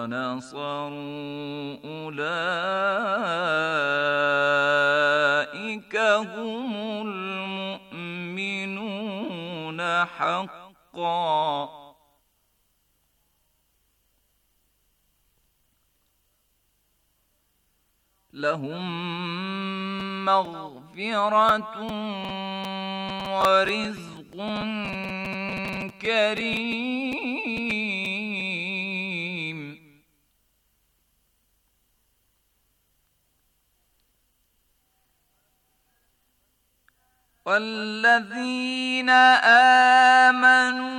ونصروا أولئك هم المؤمنون حقا لهم مغفرة ورزق كريم والذين آمنوا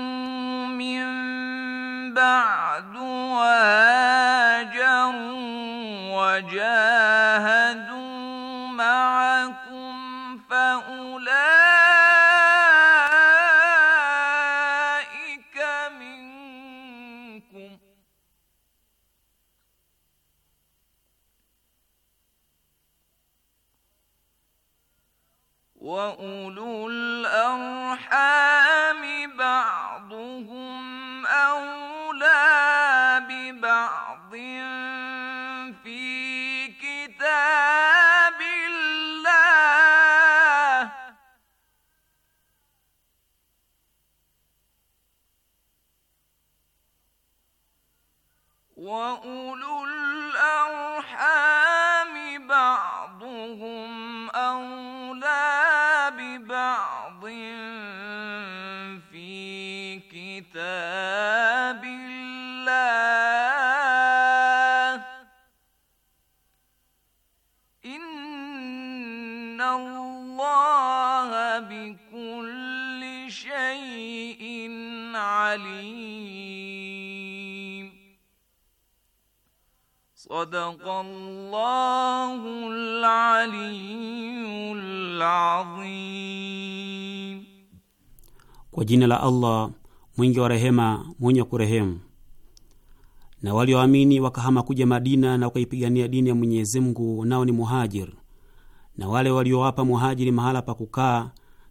بكل شيء عليم صدق الله العلي العظيم kwa jina la Allah mwingi wa rehema mwenye kurehemu. Na walioamini wa wakahama kuja Madina na wakaipigania dini ya Mwenyezi Mungu, nao ni muhajir, na wale waliowapa wa muhajiri mahala pa kukaa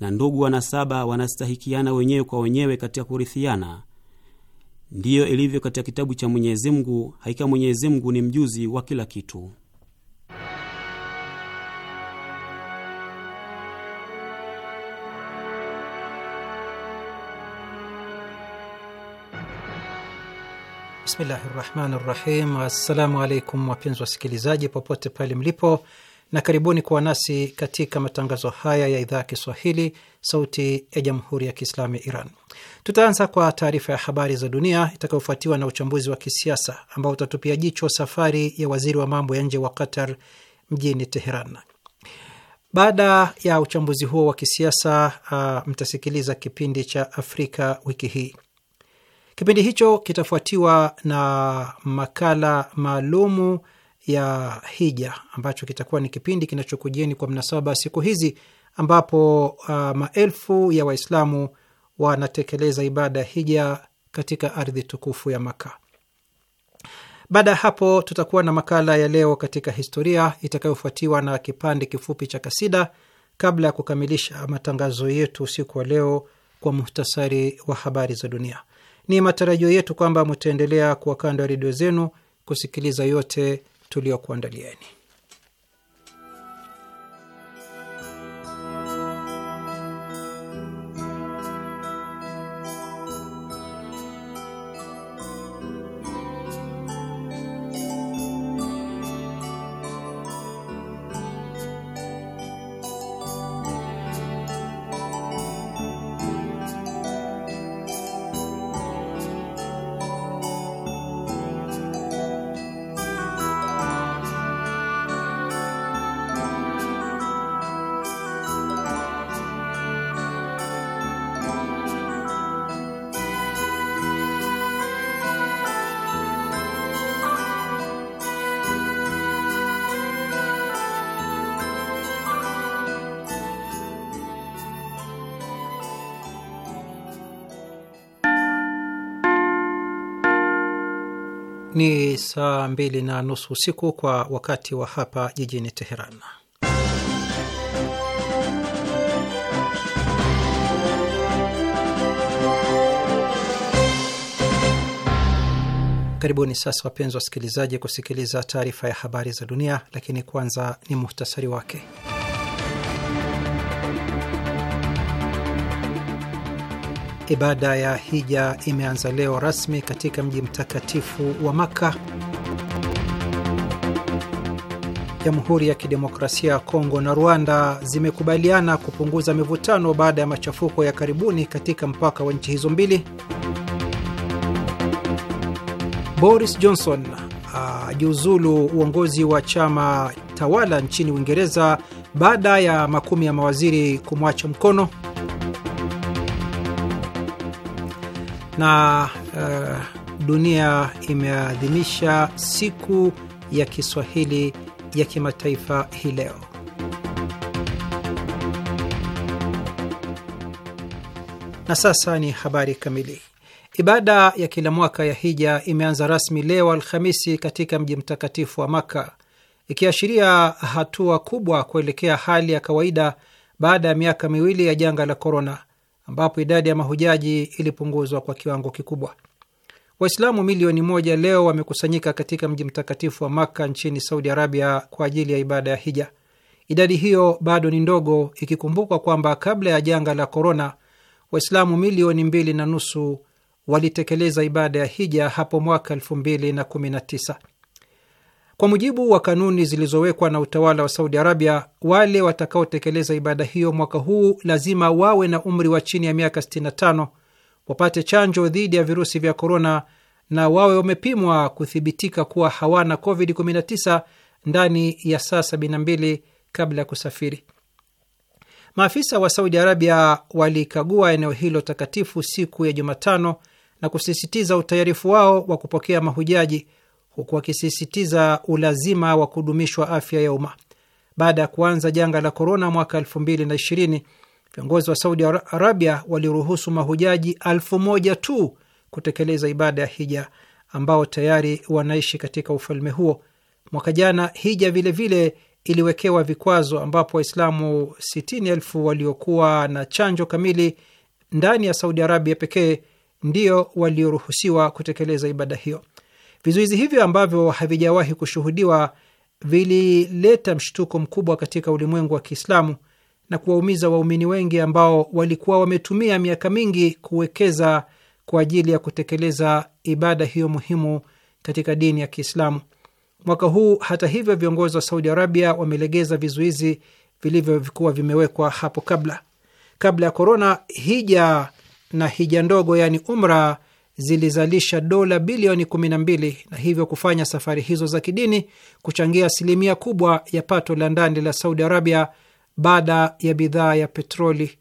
na ndugu wanasaba wanastahikiana wenyewe kwa wenyewe katika kurithiana. Ndiyo ilivyo katika kitabu cha Mwenyezi Mungu, hakika Mwenyezi Mungu ni mjuzi wa kila kitu. Bismillahi rahmani rahim. Assalamu alaikum wapenzi wasikilizaji, popote pale mlipo na karibuni kuwa nasi katika matangazo haya ya idhaa ya Kiswahili, Sauti ya Jamhuri ya Kiislamu ya Iran. Tutaanza kwa taarifa ya habari za dunia itakayofuatiwa na uchambuzi wa kisiasa ambao utatupia jicho safari ya waziri wa mambo ya nje wa Qatar mjini Teheran. Baada ya uchambuzi huo wa kisiasa uh, mtasikiliza kipindi cha Afrika wiki hii. Kipindi hicho kitafuatiwa na makala maalumu ya hija ambacho kitakuwa ni kipindi kinachokujieni kwa mnasaba siku hizi ambapo uh, maelfu ya Waislamu wanatekeleza ibada ya hija katika ardhi tukufu ya Maka. Baada ya hapo, tutakuwa na makala ya leo katika historia itakayofuatiwa na kipande kifupi cha kasida kabla ya kukamilisha matangazo yetu usiku wa leo kwa muhtasari wa habari za dunia. Ni matarajio yetu kwamba mutaendelea kuwa kando ya redio zenu kusikiliza yote tuliokuandalieni. saa mbili na nusu usiku kwa wakati wa hapa jijini Teheran. Karibuni sasa wapenzi wasikilizaji, kusikiliza taarifa ya habari za dunia, lakini kwanza ni muhtasari wake. Ibada ya hija imeanza leo rasmi katika mji mtakatifu wa Makka. Jamhuri ya Kidemokrasia ya Kongo na Rwanda zimekubaliana kupunguza mivutano baada ya machafuko ya karibuni katika mpaka wa nchi hizo mbili. Boris Johnson ajiuzulu uongozi wa chama tawala nchini Uingereza baada ya makumi ya mawaziri kumwacha mkono. na uh, dunia imeadhimisha siku ya Kiswahili ya kimataifa hii leo. Na sasa ni habari kamili. Ibada ya kila mwaka ya hija imeanza rasmi leo Alhamisi katika mji mtakatifu wa Maka, ikiashiria hatua kubwa kuelekea hali ya kawaida baada ya miaka miwili ya janga la korona ambapo idadi ya mahujaji ilipunguzwa kwa kiwango kikubwa. Waislamu milioni moja leo wamekusanyika katika mji mtakatifu wa Makka nchini Saudi Arabia kwa ajili ya ibada ya hija. Idadi hiyo bado ni ndogo ikikumbukwa kwamba kabla ya janga la korona Waislamu milioni mbili na nusu walitekeleza ibada ya hija hapo mwaka elfu mbili na kumi na tisa. Kwa mujibu wa kanuni zilizowekwa na utawala wa Saudi Arabia, wale watakaotekeleza ibada hiyo mwaka huu lazima wawe na umri wa chini ya miaka 65, wapate chanjo dhidi ya virusi vya korona na wawe wamepimwa kuthibitika kuwa hawana COVID-19 ndani ya saa 72 kabla ya kusafiri. Maafisa wa Saudi Arabia walikagua eneo hilo takatifu siku ya Jumatano na kusisitiza utayarifu wao wa kupokea mahujaji huku wakisisitiza ulazima wa kudumishwa afya ya umma. Baada ya kuanza janga la korona mwaka ishirini, viongozi wa Saudi Arabia waliruhusu mahujaji elfu moja tu kutekeleza ibada ya hija ambao tayari wanaishi katika ufalme huo. Mwaka jana hija vilevile vile iliwekewa vikwazo, ambapo Waislamu sitini elfu waliokuwa na chanjo kamili ndani ya Saudi Arabia pekee ndio walioruhusiwa kutekeleza ibada hiyo. Vizuizi hivyo ambavyo havijawahi kushuhudiwa vilileta mshtuko mkubwa katika ulimwengu wa Kiislamu na kuwaumiza waumini wengi ambao walikuwa wametumia miaka mingi kuwekeza kwa ajili ya kutekeleza ibada hiyo muhimu katika dini ya Kiislamu. Mwaka huu hata hivyo, viongozi wa Saudi Arabia wamelegeza vizuizi vilivyokuwa vimewekwa hapo kabla. Kabla ya korona, hija na hija ndogo, yaani umra, zilizalisha dola bilioni 12 na hivyo kufanya safari hizo za kidini kuchangia asilimia kubwa ya pato la ndani la Saudi Arabia baada ya bidhaa ya petroli.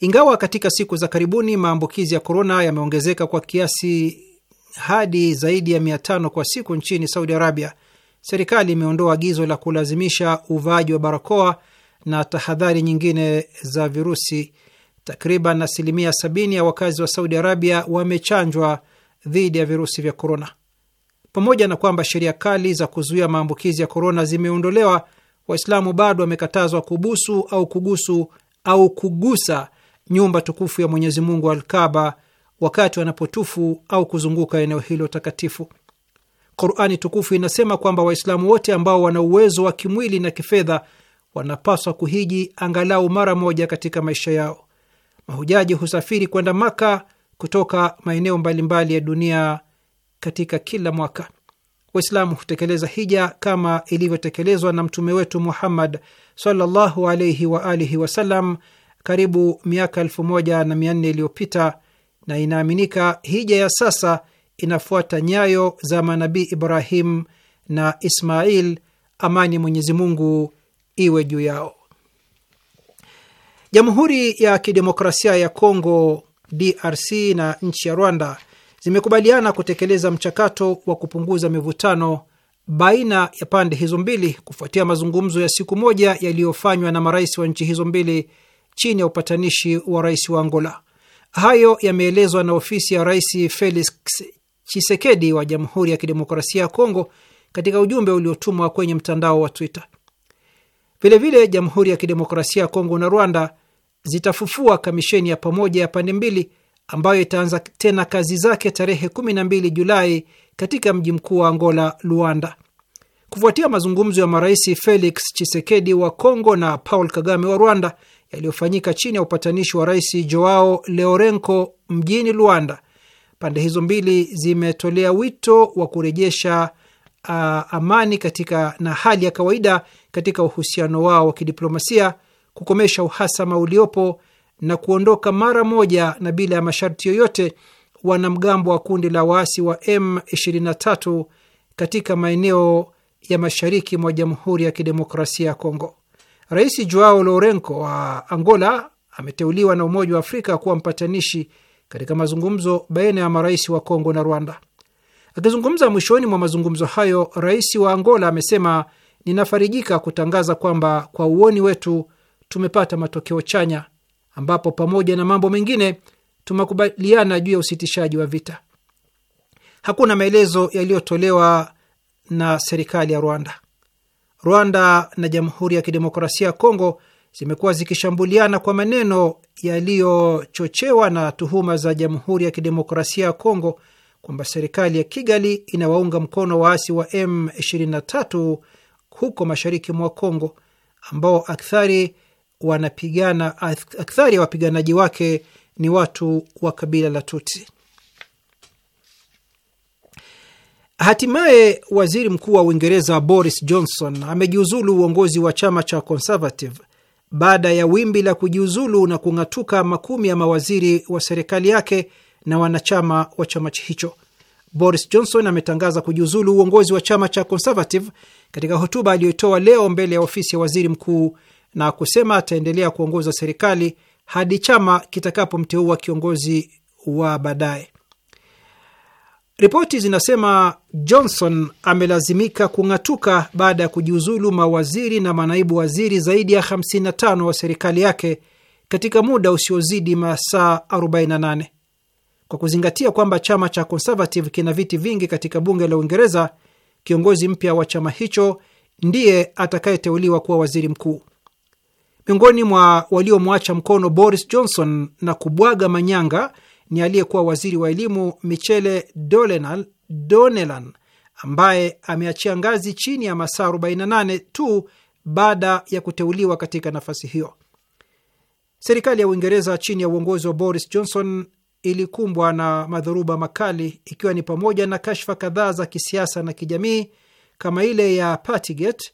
Ingawa katika siku za karibuni maambukizi ya korona yameongezeka kwa kiasi hadi zaidi ya tano kwa siku nchini Saudi Arabia, serikali imeondoa agizo la kulazimisha uvaaji wa barakoa na tahadhari nyingine za virusi Takriban asilimia 70 ya wakazi wa Saudi Arabia wamechanjwa dhidi ya virusi vya korona. Pamoja na kwamba sheria kali za kuzuia maambukizi ya korona zimeondolewa, Waislamu bado wamekatazwa kubusu au kugusu au kugusa nyumba tukufu ya Mwenyezi Mungu Alkaba wakati wanapotufu au kuzunguka eneo hilo takatifu. Qurani tukufu inasema kwamba Waislamu wote ambao wana uwezo wa kimwili na kifedha wanapaswa kuhiji angalau mara moja katika maisha yao. Mahujaji husafiri kwenda Maka kutoka maeneo mbalimbali ya dunia katika kila mwaka. Waislamu hutekeleza hija kama ilivyotekelezwa na mtume wetu Muhammad sallallahu alaihi wa alihi wasallam karibu miaka elfu moja na mia nne iliyopita, na inaaminika hija ya sasa inafuata nyayo za manabii Ibrahim na Ismail, amani Mwenyezi Mungu iwe juu yao. Jamhuri ya Kidemokrasia ya Kongo DRC na nchi ya Rwanda zimekubaliana kutekeleza mchakato wa kupunguza mivutano baina ya pande hizo mbili kufuatia mazungumzo ya siku moja yaliyofanywa na marais wa nchi hizo mbili chini ya upatanishi wa rais wa Angola. Hayo yameelezwa na ofisi ya Rais Felix chisekedi wa Jamhuri ya Kidemokrasia ya Kongo katika ujumbe uliotumwa kwenye mtandao wa Twitter. Vilevile, Jamhuri ya Kidemokrasia ya Kongo na Rwanda zitafufua kamisheni ya pamoja ya pande mbili ambayo itaanza tena kazi zake tarehe 12 Julai katika mji mkuu wa Angola, Luanda, kufuatia mazungumzo ya marais Felix chisekedi wa congo na Paul Kagame wa Rwanda yaliyofanyika chini ya upatanishi wa Rais Joao Lourenco mjini Luanda. Pande hizo mbili zimetolea wito wa kurejesha uh, amani katika na hali ya kawaida katika uhusiano wao wa kidiplomasia kukomesha uhasama uliopo na kuondoka mara moja na bila ya masharti yoyote wanamgambo wa kundi la waasi wa M23 katika maeneo ya mashariki mwa Jamhuri ya Kidemokrasia ya Kongo. Rais Joao Lourenco wa Angola ameteuliwa na Umoja wa Afrika kuwa mpatanishi katika mazungumzo baina ya marais wa Kongo na Rwanda. Akizungumza mwishoni mwa mazungumzo hayo, rais wa Angola amesema, ninafarijika kutangaza kwamba kwa uoni wetu tumepata matokeo chanya, ambapo pamoja na mambo mengine tumekubaliana juu ya usitishaji wa vita. Hakuna maelezo yaliyotolewa na serikali ya Rwanda. Rwanda na Jamhuri ya Kidemokrasia ya Kongo zimekuwa zikishambuliana kwa maneno yaliyochochewa na tuhuma za Jamhuri ya Kidemokrasia ya Kongo kwamba serikali ya Kigali inawaunga mkono waasi wa M23 huko mashariki mwa Kongo ambao akthari wanapigana, akthari ya wapiganaji wake ni watu wa kabila la Tutsi. Hatimaye waziri mkuu wa Uingereza Boris Johnson amejiuzulu uongozi wa chama cha Conservative baada ya wimbi la kujiuzulu na kung'atuka makumi ya mawaziri wa serikali yake na wanachama wa chama hicho. Boris Johnson ametangaza kujiuzulu uongozi wa chama cha Conservative katika hotuba aliyoitoa leo mbele ya ofisi ya waziri mkuu na kusema ataendelea kuongoza serikali hadi chama kitakapomteua kiongozi wa baadaye. Ripoti zinasema Johnson amelazimika kung'atuka baada ya kujiuzulu mawaziri na manaibu waziri zaidi ya 55 wa serikali yake katika muda usiozidi masaa 48. Kwa kuzingatia kwamba chama cha Conservative kina viti vingi katika bunge la Uingereza, kiongozi mpya wa chama hicho ndiye atakayeteuliwa kuwa waziri mkuu. Miongoni mwa waliomwacha mkono Boris Johnson na kubwaga manyanga ni aliyekuwa waziri wa elimu Michele Dolenal, Donelan ambaye ameachia ngazi chini ya masaa 48 tu baada ya kuteuliwa katika nafasi hiyo. Serikali ya Uingereza chini ya uongozi wa Boris Johnson ilikumbwa na madhoruba makali, ikiwa ni pamoja na kashfa kadhaa za kisiasa na kijamii kama ile ya Partygate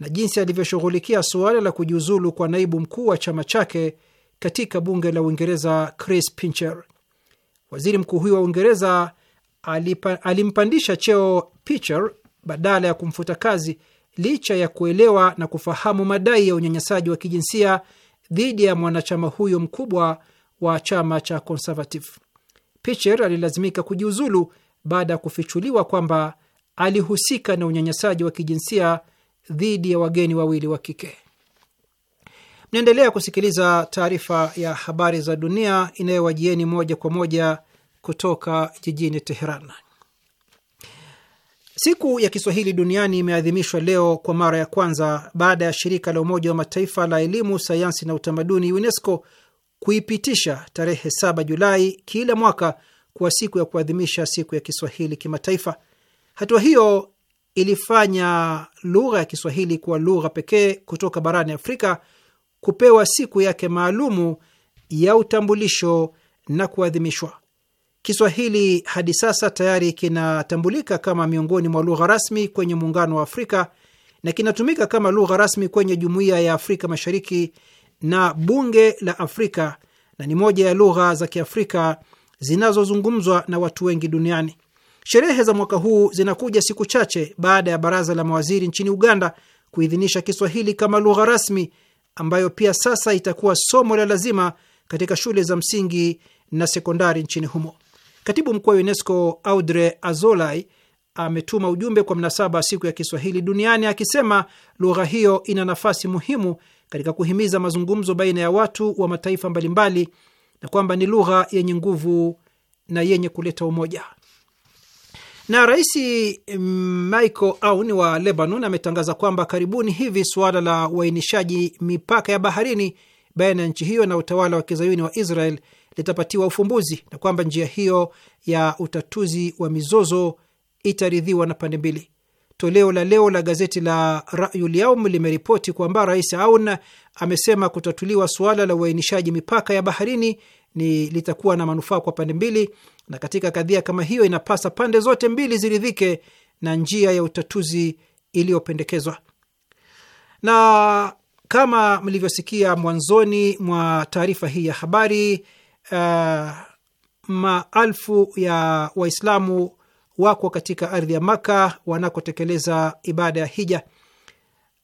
na jinsi alivyoshughulikia suala la kujiuzulu kwa naibu mkuu wa chama chake katika bunge la Uingereza, Chris Pincher. Waziri mkuu huyo wa Uingereza alipa, alimpandisha cheo Pincher badala ya kumfuta kazi licha ya kuelewa na kufahamu madai ya unyanyasaji wa kijinsia dhidi ya mwanachama huyo mkubwa wa chama cha Conservative. Pincher alilazimika kujiuzulu baada ya kufichuliwa kwamba alihusika na unyanyasaji wa kijinsia dhidi ya wageni wawili wa kike. Mnaendelea kusikiliza taarifa ya habari za dunia inayowajieni moja kwa moja kutoka jijini Teheran. Siku ya Kiswahili duniani imeadhimishwa leo kwa mara ya kwanza baada ya shirika la Umoja wa Mataifa la elimu, sayansi na utamaduni UNESCO kuipitisha tarehe 7 Julai kila mwaka kuwa siku ya kuadhimisha siku ya Kiswahili kimataifa. Hatua hiyo ilifanya lugha ya Kiswahili kuwa lugha pekee kutoka barani Afrika kupewa siku yake maalumu ya utambulisho na kuadhimishwa. Kiswahili hadi sasa tayari kinatambulika kama miongoni mwa lugha rasmi kwenye Muungano wa Afrika na kinatumika kama lugha rasmi kwenye Jumuiya ya Afrika Mashariki na Bunge la Afrika na ni moja ya lugha za Kiafrika zinazozungumzwa na watu wengi duniani. Sherehe za mwaka huu zinakuja siku chache baada ya baraza la mawaziri nchini Uganda kuidhinisha Kiswahili kama lugha rasmi ambayo pia sasa itakuwa somo la lazima katika shule za msingi na sekondari nchini humo. Katibu mkuu wa UNESCO Audre azolai ametuma ujumbe kwa mnasaba wa siku ya Kiswahili duniani akisema lugha hiyo ina nafasi muhimu katika kuhimiza mazungumzo baina ya watu wa mataifa mbalimbali na kwamba ni lugha yenye nguvu na yenye kuleta umoja. Na Rais mm, Michael Aoun wa Lebanon ametangaza kwamba karibuni hivi suala la uainishaji mipaka ya baharini baina ya nchi hiyo na utawala wa kizayuni wa Israel litapatiwa ufumbuzi na kwamba njia hiyo ya utatuzi wa mizozo itaridhiwa na pande mbili. Toleo la leo la gazeti la Rayul Yaum limeripoti kwamba Rais Aoun amesema kutatuliwa suala la uainishaji mipaka ya baharini ni litakuwa na manufaa kwa pande mbili na katika kadhia kama hiyo inapasa pande zote mbili ziridhike na njia ya utatuzi iliyopendekezwa. Na kama mlivyosikia mwanzoni mwa taarifa hii ya habari, uh, maalfu ya Waislamu wako katika ardhi ya Maka wanakotekeleza ibada ya hija.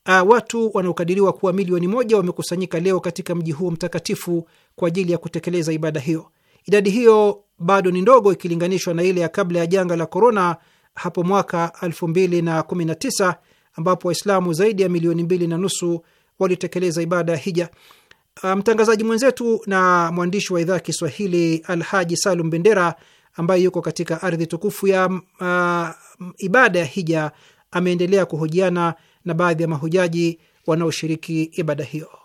Uh, watu wanaokadiriwa kuwa milioni moja wamekusanyika leo katika mji huo mtakatifu kwa ajili ya kutekeleza ibada hiyo. Idadi hiyo bado ni ndogo ikilinganishwa na ile ya kabla ya janga la korona hapo mwaka 2019 ambapo Waislamu zaidi ya milioni mbili na nusu walitekeleza ibada ya hija. Ah, mtangazaji um, mwenzetu na mwandishi wa idhaa ya Kiswahili Alhaji Salum Bendera ambaye yuko katika ardhi tukufu ya uh, ibada ya hija ameendelea kuhojiana na baadhi ya mahujaji wanaoshiriki ibada hiyo.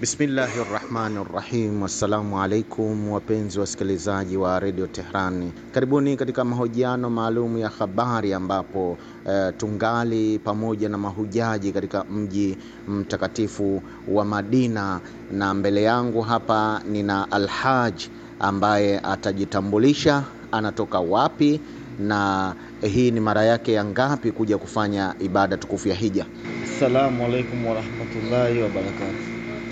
Bismillahi rahmani rahim. Assalamu alaikum wapenzi wasikilizaji wa, wa redio Tehrani, karibuni katika mahojiano maalum ya habari ambapo eh, tungali pamoja na mahujaji katika mji mtakatifu wa Madina, na mbele yangu hapa nina Alhaj ambaye atajitambulisha anatoka wapi na hii ni mara yake ya ngapi kuja kufanya ibada tukufu ya hija. Assalamu alaikum warahmatullahi wabarakatu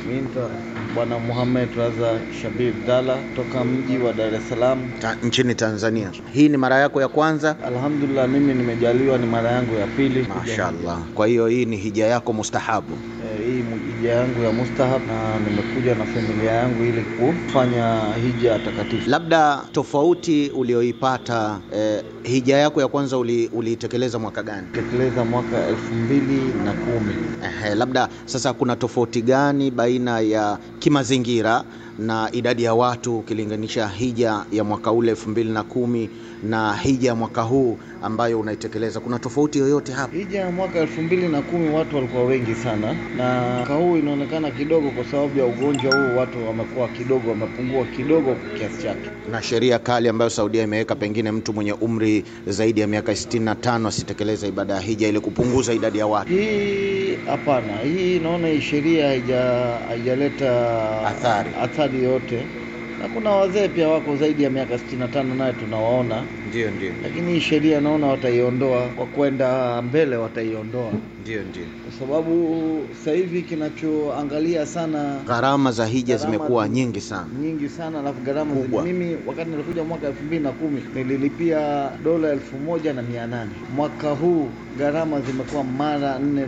Minta Bwana Muhamed Raza Shabib Dala toka mji wa Dar es Salaam Ta, nchini Tanzania. Hii ni mara yako ya kwanza? Alhamdulillah, mimi nimejaliwa ni mara yangu ya pili. Mashallah. Kwa hiyo hii ni hija yako mustahabu. E, hii hija yangu ya mustahab na nimekuja na familia yangu ili kufanya hija takatifu. Labda tofauti ulioipata eh, hija yako ya kwanza uliitekeleza uli mwaka gani? Tekeleza mwaka elfu mbili na kumi. Eh, labda sasa kuna tofauti gani baina ya kimazingira na idadi ya watu ukilinganisha hija ya mwaka ule elfu mbili na kumi na hija ya mwaka huu ambayo unaitekeleza, kuna tofauti yoyote hapa? Hija ya mwaka elfu mbili na kumi watu walikuwa wengi sana na huu inaonekana kidogo, kwa sababu ya ugonjwa huu, watu wamekuwa kidogo, wamepungua kidogo kiasi chake, na sheria kali ambayo Saudia imeweka, pengine mtu mwenye umri zaidi ya miaka 65 asitekeleza ibada ya hija ili kupunguza idadi ya watu. Hii hapana, hii naona sheria haijaleta athari athari yote na kuna wazee pia wako zaidi ya miaka 65 naye tunawaona, ndio ndio. Lakini hii sheria naona wataiondoa kwa kwenda mbele, wataiondoa ndio ndio, kwa sababu sasa hivi kinachoangalia sana gharama za hija zimekuwa nyingi sana nyingi sana, alafu gharama Mimi wakati nilikuja mwaka 2010 nililipia dola 1800 mwaka huu gharama zimekuwa mara nne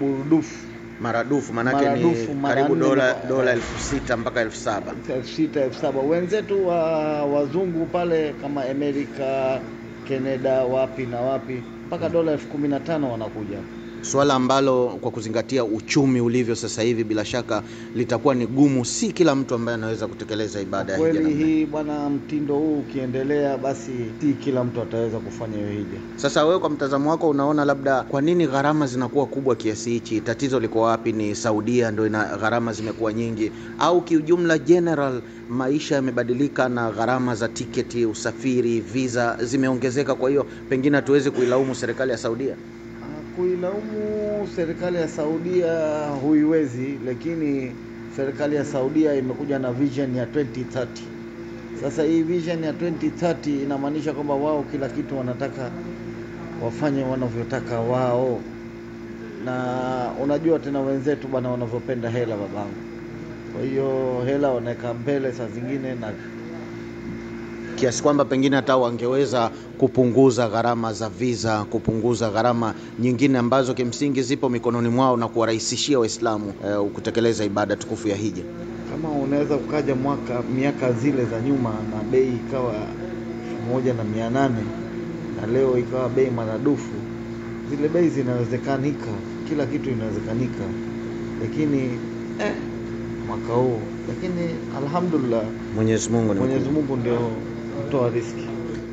burudufu maradufu maanake maradufu, ni karibu dola dola elfu sita mpaka elfu saba elfu sita elfu saba Wenzetu wa wazungu pale kama Amerika, Canada, wapi na wapi mpaka dola elfu kumi na tano wanakuja swala ambalo kwa kuzingatia uchumi ulivyo sasa hivi bila shaka litakuwa ni gumu, si kila mtu ambaye anaweza kutekeleza ibada ya kweli Hii bwana, mtindo huu ukiendelea, basi si kila mtu ataweza kufanya hiyo hija. Sasa wewe kwa mtazamo wako unaona labda kwa nini gharama zinakuwa kubwa kiasi hichi? Tatizo liko wapi? Ni Saudia ndio ina gharama zimekuwa nyingi, au kiujumla general maisha yamebadilika na gharama za tiketi, usafiri, visa zimeongezeka? Kwa hiyo pengine hatuwezi kuilaumu serikali ya Saudia kuilaumu serikali ya Saudia huiwezi, lakini serikali ya Saudia imekuja na vision ya 2030. Sasa hii vision ya 2030 inamaanisha kwamba wao kila kitu wanataka wafanye wanavyotaka wao, na unajua tena wenzetu bana wanavyopenda hela, babangu. Kwa hiyo hela wanaweka mbele saa zingine na kiasi kwamba pengine hata wangeweza kupunguza gharama za visa, kupunguza gharama nyingine ambazo kimsingi zipo mikononi mwao na kuwarahisishia Waislamu eh, kutekeleza ibada tukufu ya hija. Kama unaweza ukaja mwaka miaka zile za nyuma na bei ikawa elfu moja na mia nane na leo ikawa bei maradufu, zile bei zinawezekanika, kila kitu inawezekanika, lakini eh, mwaka huu lakini alhamdulillah, Mwenyezi Mungu ndio kutoa riski.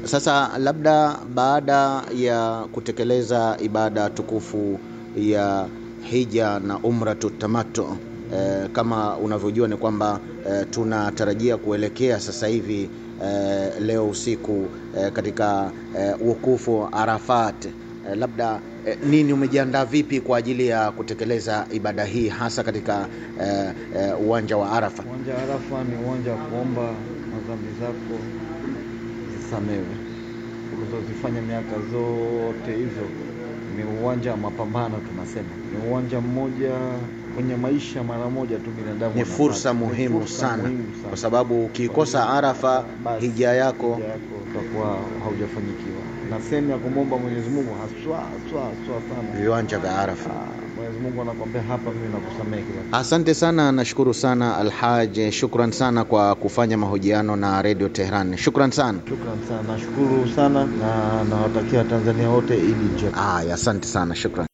Sasa labda baada ya kutekeleza ibada tukufu ya hija na umratu tamato e, eh, kama unavyojua ni kwamba e, tunatarajia kuelekea sasa hivi e, leo usiku e, katika e, wukufu Arafat e, labda e, nini umejiandaa vipi kwa ajili ya kutekeleza ibada hii hasa katika uwanja e, e, wa Arafa? Uwanja wa Arafa ni uwanja wa kuomba dhambi zako zisamewe ulizozifanya miaka zote hizo. Ni uwanja wa mapambano, tunasema ni uwanja mmoja kwenye maisha mara moja tu binadamu. Ni fursa muhimu, sana, kwa sababu ukikosa Arafa basi, hija yako utakuwa haujafanyikiwa, na sehemu ya kumwomba Mwenyezi Mungu haswa haswa haswa sana viwanja vya Arafa. Ah, Mwenyezi Mungu anakuambia hapa, mimi nakusamehe kila. Asante sana, nashukuru sana Alhaj, shukran sana kwa kufanya mahojiano na Radio Tehran. Shukran sana. Shukran sana. Nashukuru sana na nawatakia Tanzania wote Idi njema. Ah, asante sana, shukran.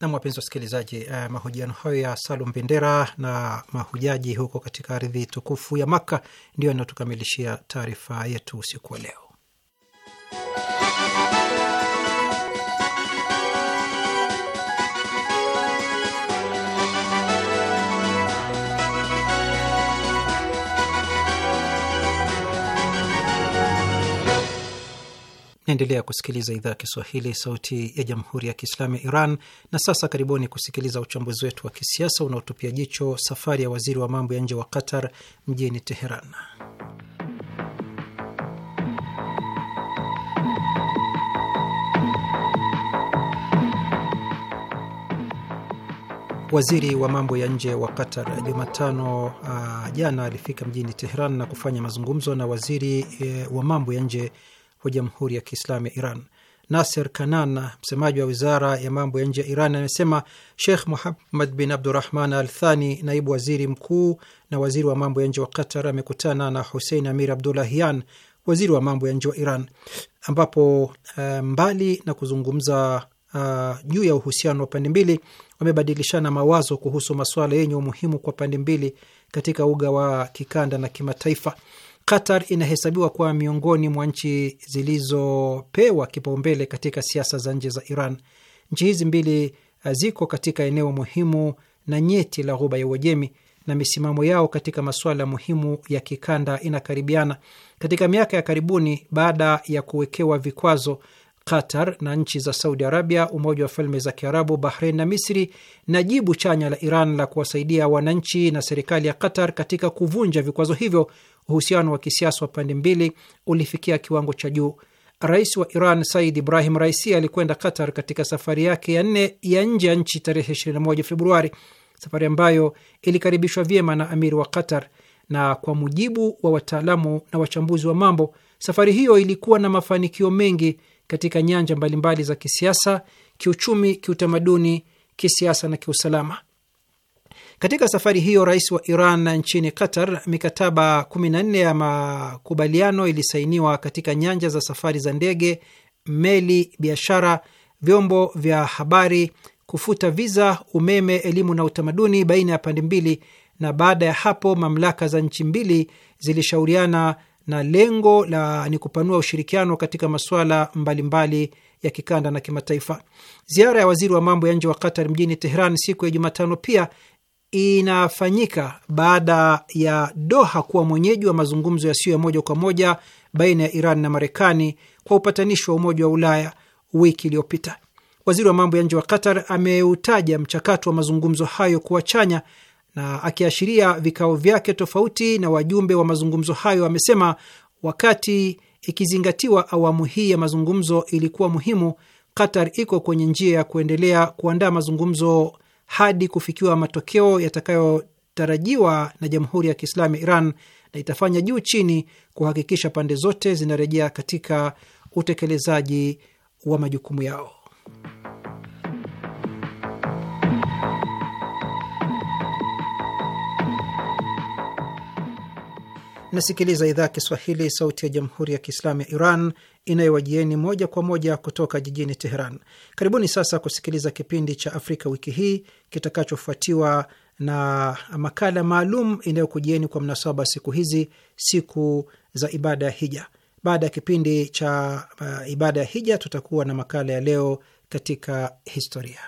Nam, wapenzi wasikilizaji, eh, mahojiano hayo ya Salum Bendera na mahujaji huko katika ardhi tukufu ya Makka ndio yanatukamilishia taarifa yetu usiku wa leo. Naendelea kusikiliza idhaa ya Kiswahili, sauti ya jamhuri ya kiislamu ya Iran. Na sasa karibuni kusikiliza uchambuzi wetu wa kisiasa unaotupia jicho safari ya waziri wa mambo ya nje wa Qatar mjini Teheran. Waziri wa mambo ya nje wa Qatar Jumatano uh, jana alifika mjini Teheran na kufanya mazungumzo na waziri e, wa mambo ya nje wa Jamhuri ya Kiislamu ya Iran. Naser Kanana, msemaji wa wizara ya mambo ya nje ya Iran, amesema Sheikh Muhammad bin Abdurahman Al Thani, naibu waziri mkuu na waziri wa mambo ya nje wa Qatar, amekutana na husein Amir Abdulahian, waziri wa mambo ya nje wa Iran, ambapo eh, mbali na kuzungumza eh, juu ya uhusiano wa pande mbili, wamebadilishana mawazo kuhusu masuala yenye umuhimu kwa pande mbili katika uga wa kikanda na kimataifa. Qatar inahesabiwa kuwa miongoni mwa nchi zilizopewa kipaumbele katika siasa za nje za Iran. Nchi hizi mbili eh, ziko katika eneo muhimu na nyeti la Ghuba ya Uajemi na misimamo yao katika masuala muhimu ya kikanda inakaribiana. Katika miaka ya karibuni, baada ya kuwekewa vikwazo, Qatar na nchi za Saudi Arabia, Umoja wa Falme za Kiarabu, Bahrein na Misri, na jibu chanya la Iran la kuwasaidia wananchi na serikali ya Qatar katika kuvunja vikwazo hivyo, uhusiano wa kisiasa wa pande mbili ulifikia kiwango cha juu. Rais wa Iran Said Ibrahim Raisi alikwenda Qatar katika safari yake ya nne ya nje ya nchi tarehe 21 Februari, safari ambayo ilikaribishwa vyema na amiri wa Qatar na kwa mujibu wa wataalamu na wachambuzi wa mambo, safari hiyo ilikuwa na mafanikio mengi katika nyanja mbalimbali za kisiasa, kiuchumi, kiutamaduni, kisiasa na kiusalama. Katika safari hiyo, rais wa Iran nchini Qatar, mikataba 14 ya makubaliano ilisainiwa katika nyanja za safari za ndege, meli, biashara, vyombo vya habari, kufuta viza, umeme, elimu na utamaduni baina ya pande mbili, na baada ya hapo mamlaka za nchi mbili zilishauriana na lengo la ni kupanua ushirikiano katika masuala mbalimbali ya kikanda na kimataifa. Ziara ya waziri wa mambo ya nje wa Qatar mjini Tehran siku ya Jumatano pia inafanyika baada ya Doha kuwa mwenyeji wa mazungumzo yasiyo ya moja kwa moja baina ya Iran na Marekani kwa upatanishi wa Umoja wa Ulaya wiki iliyopita. Waziri wa mambo ya nje wa Qatar ameutaja mchakato wa mazungumzo hayo kuwa chanya na akiashiria vikao vyake tofauti na wajumbe wa mazungumzo hayo amesema, wakati ikizingatiwa awamu hii ya mazungumzo ilikuwa muhimu, Qatar iko kwenye njia ya kuendelea kuandaa mazungumzo hadi kufikiwa matokeo yatakayotarajiwa na Jamhuri ya Kiislamu ya Iran na itafanya juu chini kuhakikisha pande zote zinarejea katika utekelezaji wa majukumu yao. nasikiliza idhaa ya Kiswahili, sauti ya jamhuri ya kiislamu ya Iran inayowajieni moja kwa moja kutoka jijini Teheran. Karibuni sasa kusikiliza kipindi cha Afrika wiki hii kitakachofuatiwa na makala maalum inayokujieni kwa mnasaba siku hizi, siku za ibada ya hija. Baada ya kipindi cha uh, ibada ya hija, tutakuwa na makala ya leo katika historia.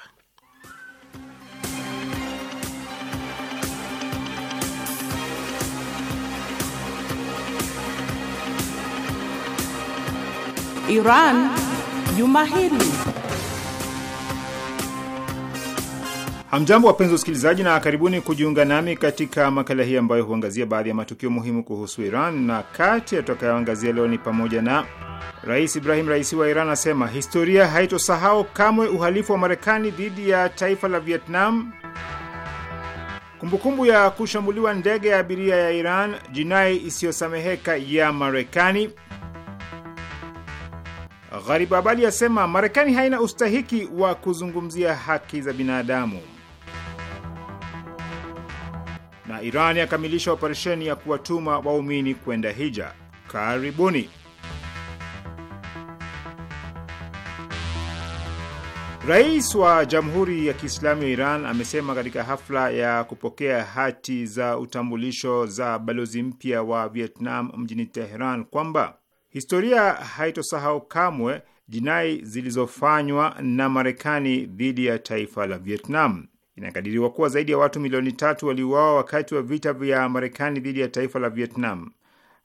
Iran juma hili. Hamjambo, wapenzi wasikilizaji, na karibuni kujiunga nami katika makala hii ambayo huangazia baadhi ya matukio muhimu kuhusu Iran, na kati ya tutakayoangazia leo ni pamoja na Rais Ibrahim Raisi wa Iran asema historia haitosahau kamwe uhalifu wa Marekani dhidi ya taifa la Vietnam, kumbukumbu ya kushambuliwa ndege ya abiria ya Iran, jinai isiyosameheka ya Marekani, Gharib Abadi asema Marekani haina ustahiki wa kuzungumzia haki za binadamu, na Iran yakamilisha operesheni ya kuwatuma waumini kwenda hija. Karibuni. Rais wa Jamhuri ya Kiislamu ya Iran amesema katika hafla ya kupokea hati za utambulisho za balozi mpya wa Vietnam mjini Teheran kwamba Historia haitosahau kamwe jinai zilizofanywa na Marekani dhidi ya taifa la Vietnam. Inakadiriwa kuwa zaidi ya watu milioni tatu waliuawa wakati wa vita vya Marekani dhidi ya taifa la Vietnam.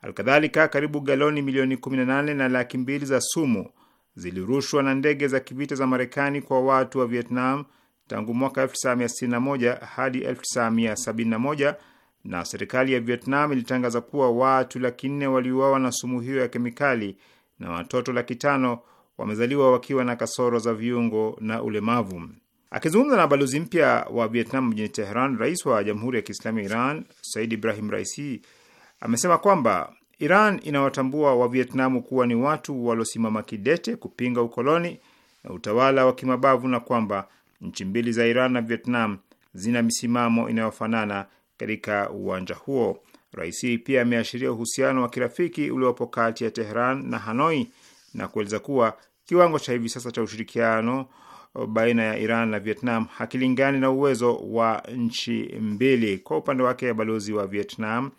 Alkadhalika, karibu galoni milioni 18 na laki mbili za sumu zilirushwa na ndege za kivita za Marekani kwa watu wa Vietnam tangu mwaka 1961 hadi 1971 na serikali ya Vietnam ilitangaza kuwa watu laki nne waliuawa na sumu hiyo ya kemikali na watoto laki tano wamezaliwa wakiwa na kasoro za viungo na ulemavu. Akizungumza na balozi mpya wa Vietnam mjini Teheran, rais wa Jamhuri ya Kiislamu ya Iran Said Ibrahim Raisi amesema kwamba Iran inawatambua Wavietnamu kuwa ni watu waliosimama kidete kupinga ukoloni na utawala wa kimabavu na kwamba nchi mbili za Iran na Vietnam zina misimamo inayofanana katika uwanja huo. Rais pia ameashiria uhusiano wa kirafiki uliopo kati ya Tehran na Hanoi na kueleza kuwa kiwango cha hivi sasa cha ushirikiano baina ya Iran na Vietnam hakilingani na uwezo wa nchi mbili. Kwa upande wake, balozi wa Vietnam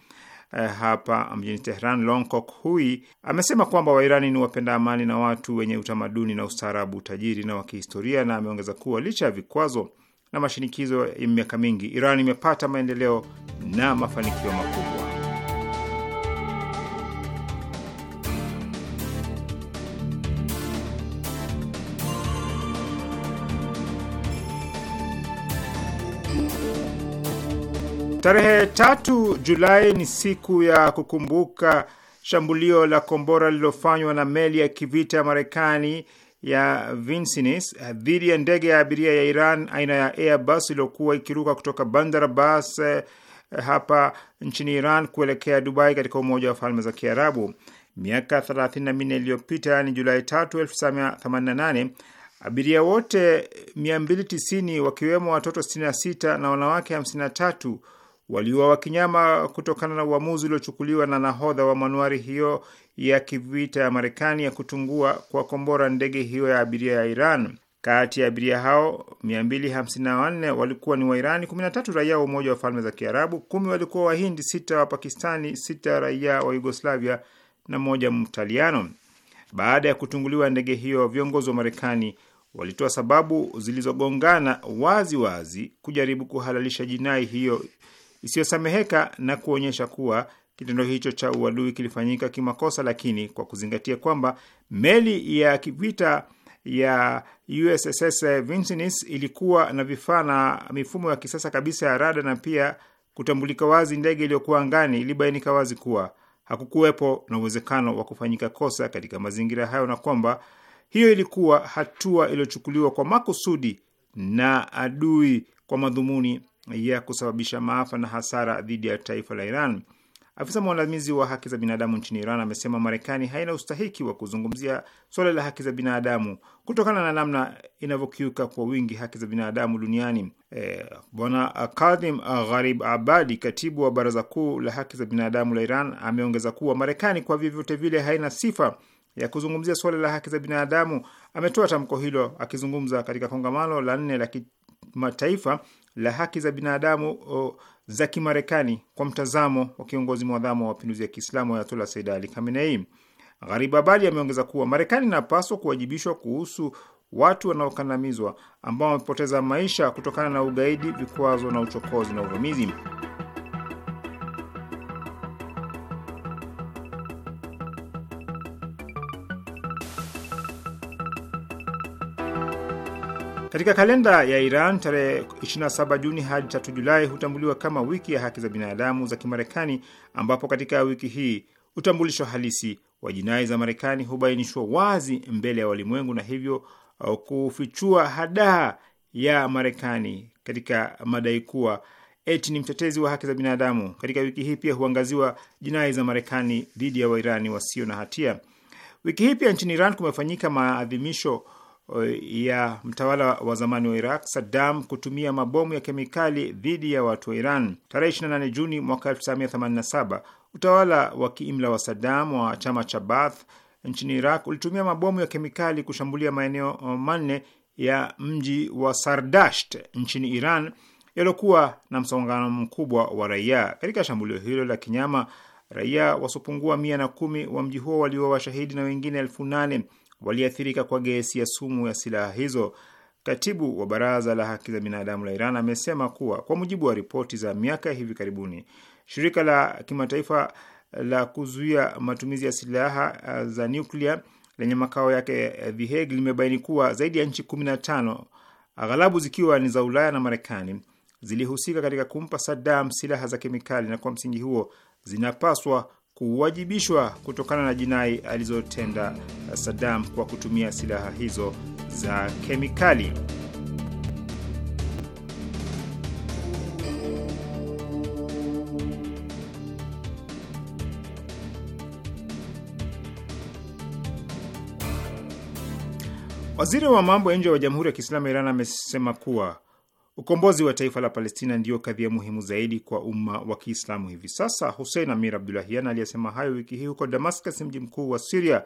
eh, hapa mjini Tehran, Long Kok Hui amesema kwamba Wairani ni wapenda amani na watu wenye utamaduni na ustaarabu tajiri na wa kihistoria, na ameongeza kuwa licha ya vikwazo na mashinikizo ya miaka mingi, Iran imepata maendeleo na mafanikio makubwa. Tarehe tatu Julai ni siku ya kukumbuka shambulio la kombora lililofanywa na meli ya kivita ya Marekani ya Vincennes dhidi ya ndege ya abiria ya Iran aina ya Airbus iliyokuwa ikiruka kutoka Bandar Abbas eh, hapa nchini Iran kuelekea Dubai katika Umoja wa Falme za Kiarabu. Miaka 34 iliyopita, ni Julai 3, 1988 abiria wote 290 wakiwemo watoto 66 na wanawake 53 waliuawa kinyama kutokana na uamuzi uliochukuliwa na nahodha wa manuari hiyo ya kivita ya Marekani ya kutungua kwa kombora ndege hiyo ya abiria ya Iran. Kati ya abiria hao 254 walikuwa ni Wairani, 13 raia wa Umoja wa Falme za Kiarabu, kumi walikuwa Wahindi, sita wa Pakistani, sita raia wa Yugoslavia na moja Mtaliano. Baada ya kutunguliwa ndege hiyo, viongozi wa Marekani walitoa sababu zilizogongana wazi wazi kujaribu kuhalalisha jinai hiyo isiyosameheka na kuonyesha kuwa Kitendo hicho cha uadui kilifanyika kimakosa, lakini kwa kuzingatia kwamba meli ya kivita ya USS Vincennes ilikuwa na vifaa na mifumo ya kisasa kabisa ya rada na pia kutambulika wazi ndege iliyokuwa angani, ilibainika wazi kuwa hakukuwepo na uwezekano wa kufanyika kosa katika mazingira hayo na kwamba hiyo ilikuwa hatua iliyochukuliwa kwa makusudi na adui kwa madhumuni ya kusababisha maafa na hasara dhidi ya taifa la Iran. Afisa mwandamizi wa haki za binadamu nchini Iran amesema Marekani haina ustahiki wa kuzungumzia suala la haki za binadamu kutokana na namna inavyokiuka kwa wingi haki za binadamu duniani. E, Bwana Kadhim Gharib Abadi, katibu wa Baraza Kuu la Haki za Binadamu la Iran, ameongeza kuwa Marekani kwa vyovyote vile haina sifa ya kuzungumzia suala la haki za binadamu. Ametoa tamko hilo akizungumza katika kongamano la nne la kimataifa la haki za binadamu o, za Kimarekani kwa mtazamo wa kiongozi mwadhamu wa mapinduzi ya Kiislamu Ayatullah Said Ali Khamenei. Gharibabadi ameongeza kuwa Marekani inapaswa kuwajibishwa kuhusu watu wanaokandamizwa ambao wamepoteza maisha kutokana na ugaidi, vikwazo na uchokozi na uvamizi. Katika kalenda ya Iran, tarehe 27 Juni hadi 3 Julai hutambuliwa kama wiki ya haki za binadamu za Kimarekani, ambapo katika wiki hii utambulisho halisi wa jinai za Marekani hubainishwa wazi mbele ya walimwengu na hivyo uh, kufichua hadaa ya Marekani katika madai kuwa eti ni mtetezi wa haki za binadamu. Katika wiki hii pia huangaziwa jinai za Marekani dhidi ya Wairani wasio na hatia. Wiki hii pia nchini Iran kumefanyika maadhimisho ya mtawala wa zamani wa Iraq Saddam kutumia mabomu ya kemikali dhidi ya watu wa Iran. Tarehe 28 Juni mwaka 1987 utawala wa kiimla wa Saddam wa chama cha Baath nchini Iraq ulitumia mabomu ya kemikali kushambulia maeneo manne ya mji wa Sardasht nchini Iran yaliokuwa na msongamano mkubwa wa raia. Katika shambulio hilo la kinyama, raia wasiopungua mia na kumi wa mji huo waliuawa washahidi na wengine elfu nane waliathirika kwa gesi ya sumu ya silaha hizo. Katibu wa Baraza la Haki za Binadamu la Iran amesema kuwa kwa mujibu wa ripoti za miaka hivi karibuni, shirika la kimataifa la kuzuia matumizi ya silaha eh, za nyuklia lenye makao yake eh, The Hague limebaini kuwa zaidi ya nchi 15 aghalabu zikiwa ni za Ulaya na Marekani zilihusika katika kumpa Saddam silaha za kemikali na kwa msingi huo zinapaswa kuwajibishwa kutokana na jinai alizotenda Saddam kwa kutumia silaha hizo za kemikali. Waziri wa mambo ya nje wa Jamhuri ya Kiislamu ya Iran amesema kuwa Ukombozi wa taifa la Palestina ndiyo kadhia muhimu zaidi kwa umma wa Kiislamu hivi sasa. Husein Amir Abdulahian aliyesema hayo wiki hii huko Damascus, mji mkuu wa Siria,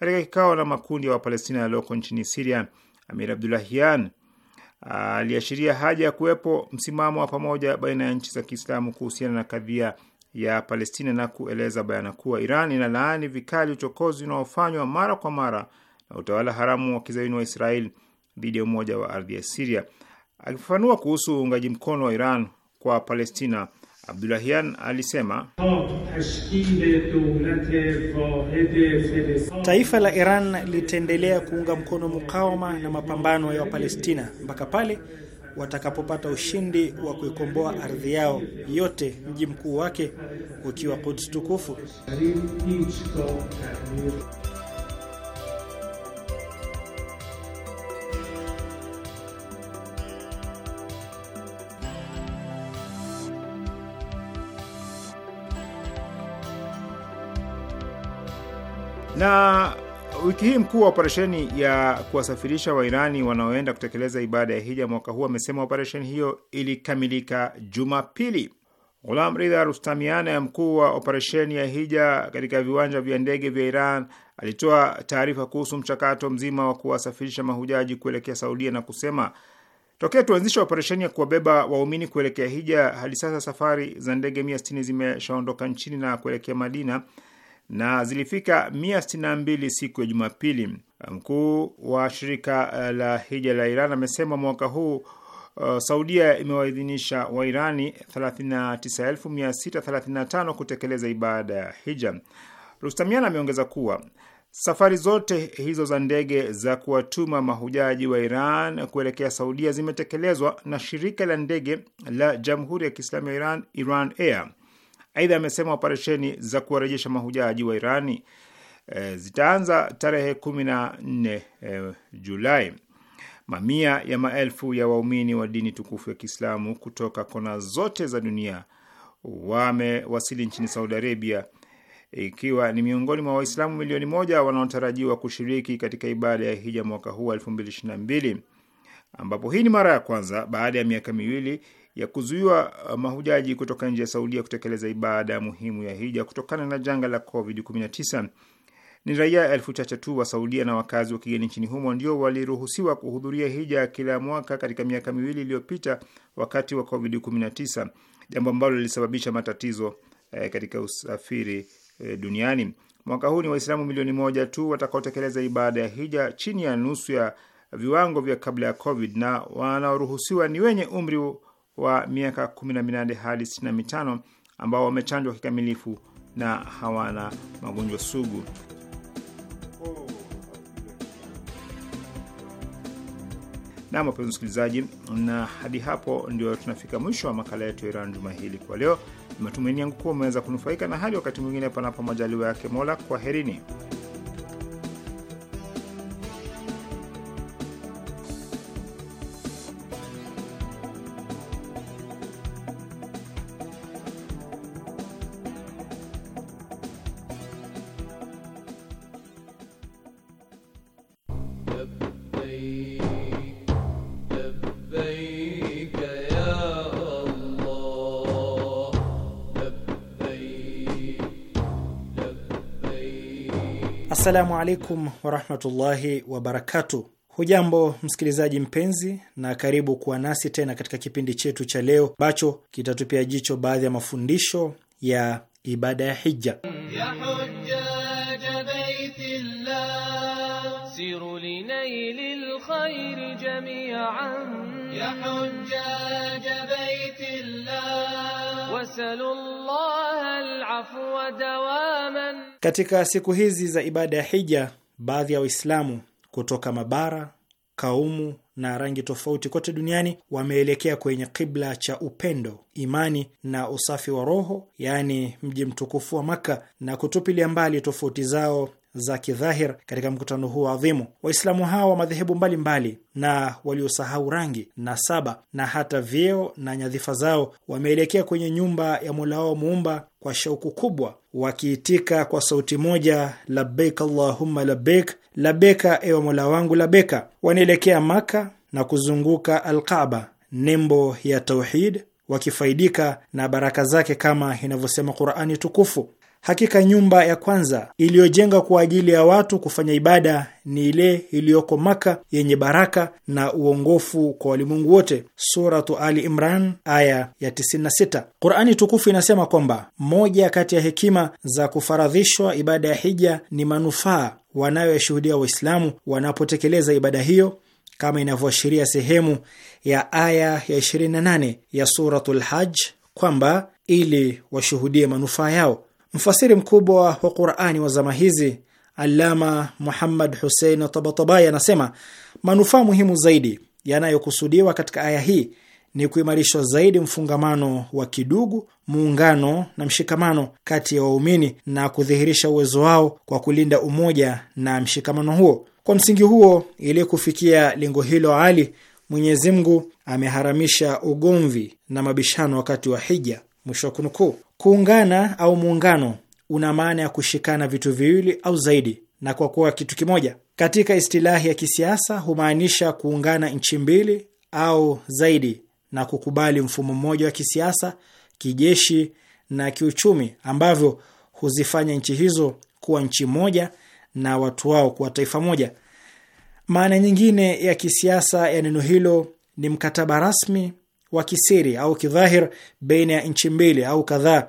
katika kikao na makundi ya Wapalestina yaliyoko nchini Siria. Amir Abdulahian aliashiria haja ya kuwepo msimamo wa pamoja baina ya nchi za Kiislamu kuhusiana na kadhia ya Palestina na kueleza bayana kuwa Iran inalaani vikali uchokozi unaofanywa mara kwa mara na utawala haramu wa kizayuni wa Israel dhidi ya umoja wa ardhi ya Siria. Akifafanua kuhusu uungaji mkono wa Iran kwa Palestina, Abdulahian alisema taifa la Iran litaendelea kuunga mkono mukawama na mapambano ya Wapalestina mpaka pale watakapopata ushindi wa kuikomboa ardhi yao yote, mji mkuu wake ukiwa kuds tukufu. Na wiki hii mkuu wa operesheni ya kuwasafirisha Wairani wanaoenda kutekeleza ibada ya hija mwaka huu amesema operesheni hiyo ilikamilika Jumapili. Ghulam Ridha Rustamiane, mkuu wa operesheni ya hija katika viwanja vya ndege vya Iran, alitoa taarifa kuhusu mchakato mzima wa kuwasafirisha mahujaji kuelekea Saudia na kusema tokea tuanzisha operesheni ya kuwabeba waumini kuelekea hija hadi sasa safari za ndege mia sitini zimeshaondoka nchini na kuelekea Madina na zilifika mia na mbili siku ya Jumapili. Mkuu wa shirika eh, la hija la Iran amesema mwaka huu uh, Saudia imewaidhinisha Wairani 39635 kutekeleza ibada ya hija. Rustamian ameongeza kuwa safari zote hizo za ndege za kuwatuma mahujaji wa Iran kuelekea Saudia zimetekelezwa na shirika la ndege la Jamhuri ya Kiislamu ya Iran, Iran Air. Aidha amesema operesheni za kuwarejesha mahujaji wa Irani e, zitaanza tarehe kumi na nne e, Julai. Mamia ya maelfu ya waumini wa dini tukufu ya Kiislamu kutoka kona zote za dunia wamewasili nchini Saudi Arabia, ikiwa ni miongoni mwa Waislamu milioni moja wanaotarajiwa kushiriki katika ibada ya hija mwaka huu wa 2022 ambapo hii ni mara ya kwanza baada ya miaka miwili ya kuzuiwa uh, mahujaji kutoka nje ya Saudia kutekeleza ibada muhimu ya hija kutokana na janga la COVID-19. Ni raia elfu chache tu wa Saudia na wakazi wa kigeni nchini humo ndio waliruhusiwa kuhudhuria hija kila mwaka katika miaka miwili iliyopita wakati wa COVID-19, jambo ambalo lilisababisha matatizo eh, katika usafiri eh, duniani. Mwaka huu ni Waislamu milioni moja tu watakaotekeleza ibada ya hija, chini ya nusu ya viwango vya kabla ya COVID, na wanaoruhusiwa ni wenye umri wa miaka 18 hadi 65 ambao wamechanjwa kikamilifu na hawana magonjwa sugu. Nam, wapenzi msikilizaji, na hadi hapo ndio tunafika mwisho wa makala yetu ya Iran juma hili kwa leo. Matumaini yangu kuwa umeweza kunufaika, na hadi wakati mwingine, panapo majaliwa yake Mola, kwaherini. Assalamu alaikum warahmatullahi wabarakatuh. Hujambo msikilizaji mpenzi, na karibu kuwa nasi tena katika kipindi chetu cha leo ambacho kitatupia jicho baadhi ya mafundisho ya ibada ya hija. Katika siku hizi za ibada ya hija, baadhi ya Waislamu kutoka mabara, kaumu na rangi tofauti kote duniani wameelekea kwenye kibla cha upendo, imani na usafi wa roho, yaani mji mtukufu wa makka na kutupilia mbali tofauti zao za kidhahir katika mkutano huo adhimu. Waislamu hao wa madhehebu mbalimbali na waliosahau rangi na saba na hata vyeo na nyadhifa zao wameelekea kwenye nyumba ya Mola wao muumba kwa shauku kubwa, wakiitika kwa sauti moja, labbeik allahumma labbeik, labeka ewe mola wangu labeka. Wanaelekea Maka na kuzunguka alqaba nembo ya tauhid, wakifaidika na baraka zake kama inavyosema Qurani tukufu. Hakika nyumba ya kwanza iliyojenga kwa ajili ya watu kufanya ibada ni ile iliyoko Maka yenye baraka na uongofu kwa walimwengu wote. Suratu Ali Imran aya ya 96. Qurani tukufu inasema kwamba moja kati ya hekima za kufaradhishwa ibada ya hija ni manufaa wanayoyashuhudia Waislamu wanapotekeleza ibada hiyo kama inavyoashiria sehemu ya aya ya 28 ya Suratul Hajj kwamba ili washuhudie manufaa yao. Mfasiri mkubwa wa Qurani wa zama hizi alama Muhammad Husein Tabatabai anasema manufaa muhimu zaidi yanayokusudiwa katika aya hii ni kuimarishwa zaidi mfungamano wa kidugu, muungano na mshikamano kati ya waumini na kudhihirisha uwezo wao kwa kulinda umoja na mshikamano huo. Kwa msingi huo, ili kufikia lengo hilo ali, Mwenyezi Mungu ameharamisha ugomvi na mabishano wakati wa hija. Mwisho wa kunukuu. Kuungana au muungano una maana ya kushikana vitu viwili au zaidi na kwa kuwa kitu kimoja. Katika istilahi ya kisiasa humaanisha kuungana nchi mbili au zaidi na kukubali mfumo mmoja wa kisiasa, kijeshi na kiuchumi ambavyo huzifanya nchi hizo kuwa nchi moja na watu wao kuwa taifa moja. Maana nyingine ya kisiasa ya neno hilo ni mkataba rasmi wa kisiri au kidhahir baina ya nchi mbili au kadhaa,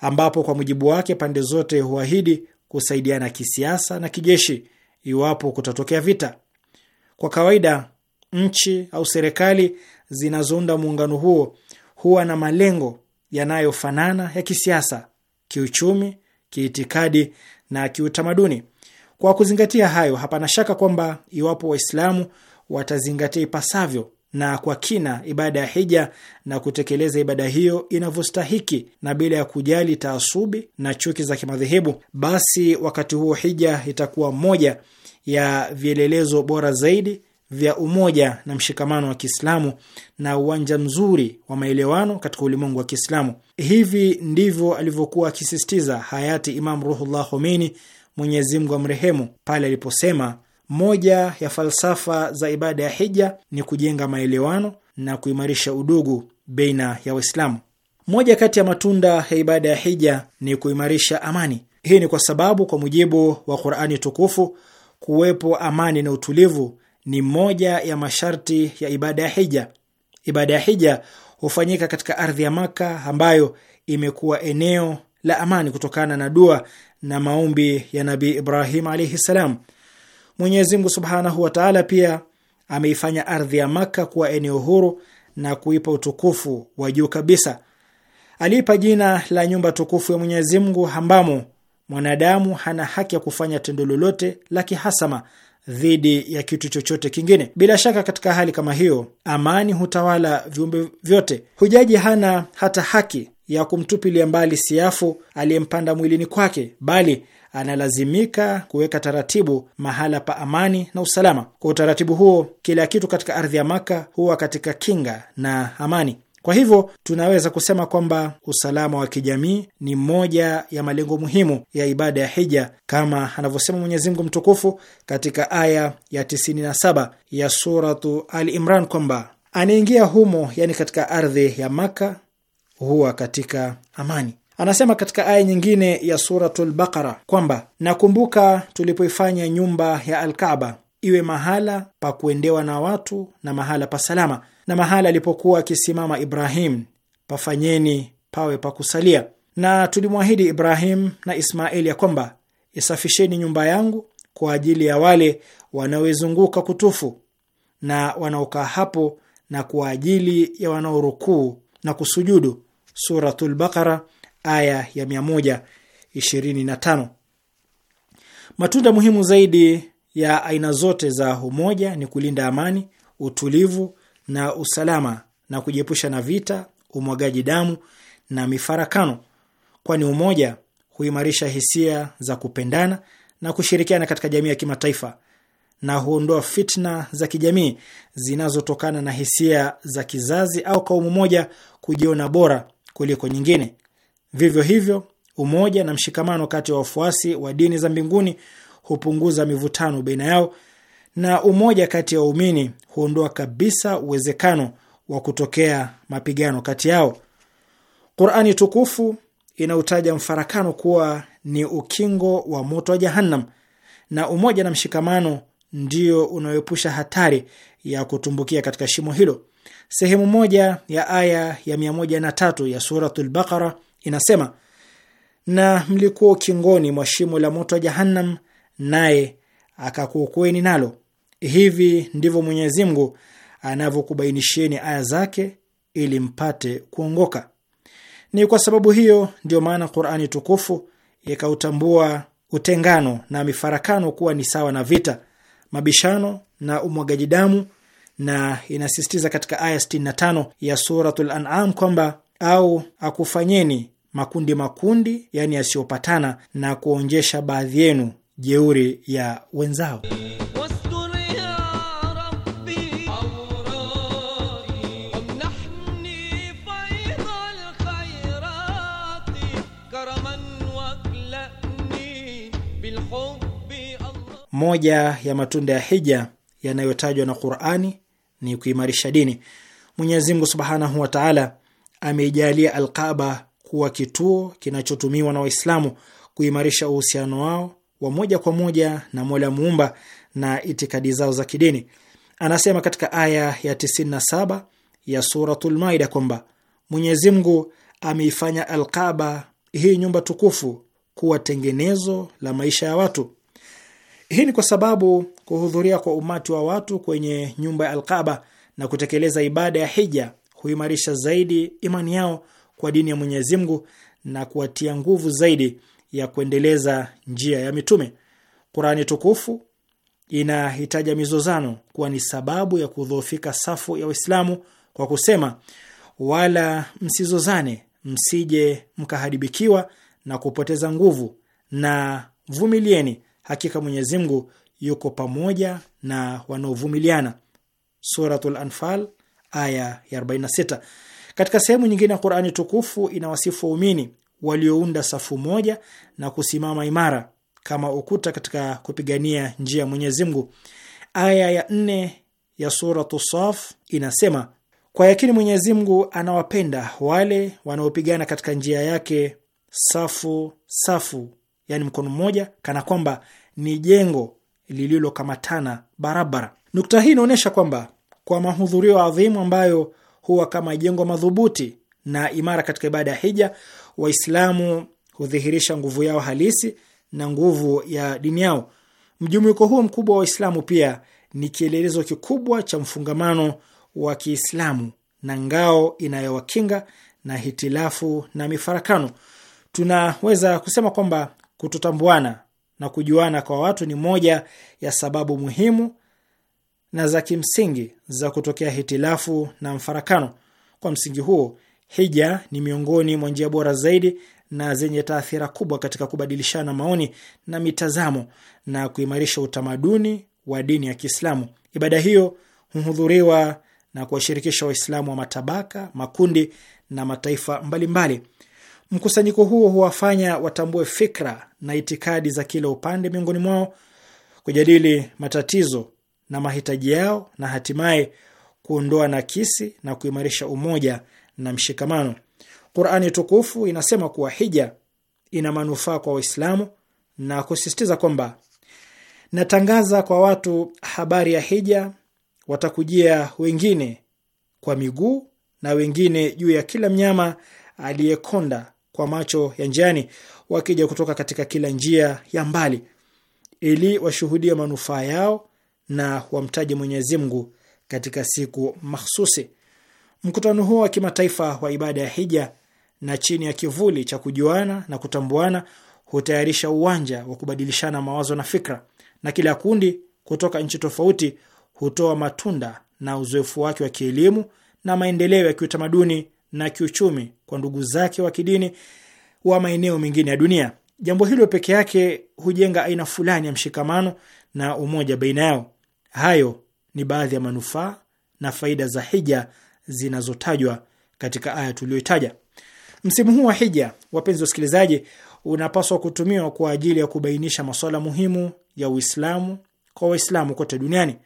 ambapo kwa mujibu wake pande zote huahidi kusaidiana kisiasa na kijeshi iwapo kutatokea vita. Kwa kawaida, nchi au serikali zinazounda muungano huo huwa na malengo yanayofanana ya kisiasa, kiuchumi, kiitikadi na kiutamaduni. Kwa kuzingatia hayo, hapana shaka kwamba iwapo Waislamu watazingatia ipasavyo na kwa kina ibada ya hija na kutekeleza ibada hiyo inavyostahiki na bila ya kujali taasubi na chuki za kimadhehebu, basi wakati huo hija itakuwa moja ya vielelezo bora zaidi vya umoja na mshikamano wa Kiislamu na uwanja mzuri wa maelewano katika ulimwengu wa Kiislamu. Hivi ndivyo alivyokuwa akisisitiza hayati Imam Ruhullah Khomeini, Mwenyezi Mungu amrehemu, pale aliposema moja ya falsafa za ibada ya hija ni kujenga maelewano na kuimarisha udugu baina ya Waislamu. Moja kati ya matunda ya ibada ya hija ni kuimarisha amani. Hii ni kwa sababu kwa mujibu wa Qur'ani tukufu, kuwepo amani na utulivu ni moja ya masharti ya ibada ya hija. Ibada ya hija hufanyika katika ardhi ya Maka ambayo imekuwa eneo la amani kutokana na dua na maombi ya Nabii Ibrahim alaihi salam. Mwenyezi Mungu subhanahu wa taala pia ameifanya ardhi ya Maka kuwa eneo huru na kuipa utukufu wa juu kabisa. Aliipa jina la nyumba tukufu ya Mwenyezi Mungu ambamo mwanadamu hana haki ya kufanya tendo lolote la kihasama dhidi ya kitu chochote kingine. Bila shaka, katika hali kama hiyo, amani hutawala viumbe vyote. Hujaji hana hata haki ya kumtupilia mbali siafu aliyempanda mwilini kwake, bali analazimika kuweka taratibu mahala pa amani na usalama. Kwa utaratibu huo, kila kitu katika ardhi ya Maka huwa katika kinga na amani. Kwa hivyo tunaweza kusema kwamba usalama wa kijamii ni moja ya malengo muhimu ya ibada ya hija kama anavyosema Mwenyezi Mungu mtukufu katika aya ya 97 ya suratu Al Imran kwamba anaingia humo, yani katika ardhi ya Maka huwa katika amani. Anasema katika aya nyingine ya Suratul Baqara kwamba nakumbuka tulipoifanya nyumba ya Alkaba iwe mahala pa kuendewa na watu na mahala pa salama, na mahala alipokuwa akisimama Ibrahim pafanyeni pawe pa kusalia, na tulimwahidi Ibrahim na Ismaeli ya kwamba isafisheni nyumba yangu kwa ajili ya wale wanaoizunguka kutufu na wanaokaa hapo na kwa ajili ya wanaorukuu na kusujudu. Suratul Baqara aya ya 125. Matunda muhimu zaidi ya aina zote za umoja ni kulinda amani, utulivu na usalama na kujiepusha na vita, umwagaji damu na mifarakano, kwani umoja huimarisha hisia za kupendana na kushirikiana katika jamii ya kimataifa na huondoa fitna za kijamii zinazotokana na hisia za kizazi au kaumu moja kujiona bora kuliko nyingine. Vivyo hivyo, umoja na mshikamano kati ya wafuasi wa dini za mbinguni hupunguza mivutano baina yao, na umoja kati ya waumini huondoa kabisa uwezekano wa kutokea mapigano kati yao. Qurani tukufu inautaja mfarakano kuwa ni ukingo wa moto wa Jahannam, na umoja na mshikamano ndio unaoepusha hatari ya kutumbukia katika shimo hilo. Sehemu moja ya aya ya 103 ya Suratul Baqara inasema, na mlikuwa ukingoni mwa shimo la moto wa Jahannam, naye akakuokoeni nalo. Hivi ndivyo Mwenyezi Mungu anavyokubainishieni aya zake ili mpate kuongoka. Ni kwa sababu hiyo ndiyo maana Qur'ani tukufu ikautambua utengano na mifarakano kuwa ni sawa na vita, mabishano na umwagaji damu, na inasisitiza katika aya 65 ya Suratul An'am kwamba au akufanyeni makundi makundi, yaani yasiyopatana, na kuonjesha baadhi yenu jeuri ya wenzao. Moja ya matunda ya hija yanayotajwa na Qur'ani ni kuimarisha dini. Mwenyezi Mungu Subhanahu wa Ta'ala ameijalia alqaba kuwa kituo kinachotumiwa na Waislamu kuimarisha uhusiano wao wa moja kwa moja na Mola muumba na itikadi zao za kidini. Anasema katika aya ya 97 ya Suratul Maida kwamba Mwenyezi Mungu ameifanya Alkaba, hii nyumba tukufu, kuwa tengenezo la maisha ya watu. Hii ni kwa sababu kuhudhuria kwa umati wa watu kwenye nyumba ya Alkaba na kutekeleza ibada ya hija huimarisha zaidi imani yao kwa dini ya Mwenyezi Mungu na kuwatia nguvu zaidi ya kuendeleza njia ya mitume. Qurani tukufu inahitaja mizozano kuwa ni sababu ya kudhoofika safu ya Waislamu kwa kusema, wala msizozane, msije mkaharibikiwa na kupoteza nguvu, na vumilieni, hakika Mwenyezi Mungu yuko pamoja na wanaovumiliana. Suratul Anfal aya ya 46. Katika sehemu nyingine ya Qur'ani tukufu inawasifu waumini waliounda safu moja na kusimama imara kama ukuta katika kupigania njia ya Mwenyezi Mungu. Aya ya nne ya suratu Saf inasema, kwa yakini Mwenyezi Mungu anawapenda wale wanaopigana katika njia yake safu safu, yani mkono mmoja, kana kwamba ni jengo lililokamatana barabara. Nukta hii inaonyesha kwamba kwa mahudhurio adhimu ambayo huwa kama jengo madhubuti na imara katika ibada ya hija. Waislamu hudhihirisha nguvu yao halisi na nguvu ya dini yao. Mjumuiko huo mkubwa wa Waislamu pia ni kielelezo kikubwa cha mfungamano wa Kiislamu na ngao inayowakinga na hitilafu na mifarakano. Tunaweza kusema kwamba kutotambuana na kujuana kwa watu ni moja ya sababu muhimu na za kimsingi za kutokea hitilafu na mfarakano. Kwa msingi huo, hija ni miongoni mwa njia bora zaidi na zenye taathira kubwa katika kubadilishana maoni na mitazamo na kuimarisha utamaduni wa dini ya Kiislamu. Ibada hiyo huhudhuriwa na kuwashirikisha Waislamu wa matabaka, makundi na mataifa mbalimbali. Mkusanyiko huo huwafanya watambue fikra na itikadi za kila upande miongoni mwao, kujadili matatizo na mahitaji yao na hatimaye kuondoa nakisi na kuimarisha umoja na mshikamano. Qurani tukufu inasema kuwa hija ina manufaa kwa Waislamu na kusisitiza kwamba natangaza kwa watu habari ya hija, watakujia wengine kwa miguu na wengine juu ya kila mnyama aliyekonda kwa macho ya njiani, wakija kutoka katika kila njia ya mbali, ili washuhudie manufaa yao na wamtaje Mwenyezi Mungu katika siku mahsusi. Mkutano huo wa kimataifa wa ibada ya hija na chini ya kivuli cha kujuana na kutambuana hutayarisha uwanja wa kubadilishana mawazo na fikra, na kila kundi kutoka nchi tofauti hutoa matunda na uzoefu wake wa kielimu na maendeleo ya kiutamaduni na kiuchumi kwa ndugu zake wa kidini wa maeneo mengine ya dunia. Jambo hilo peke yake hujenga aina fulani ya mshikamano na umoja baina yao. Hayo ni baadhi ya manufaa na faida za hija zinazotajwa katika aya tuliyoitaja. Msimu huu wa hija, wapenzi wa wasikilizaji, unapaswa kutumiwa kwa ajili ya kubainisha masuala muhimu ya Uislamu kwa Waislamu kote duniani.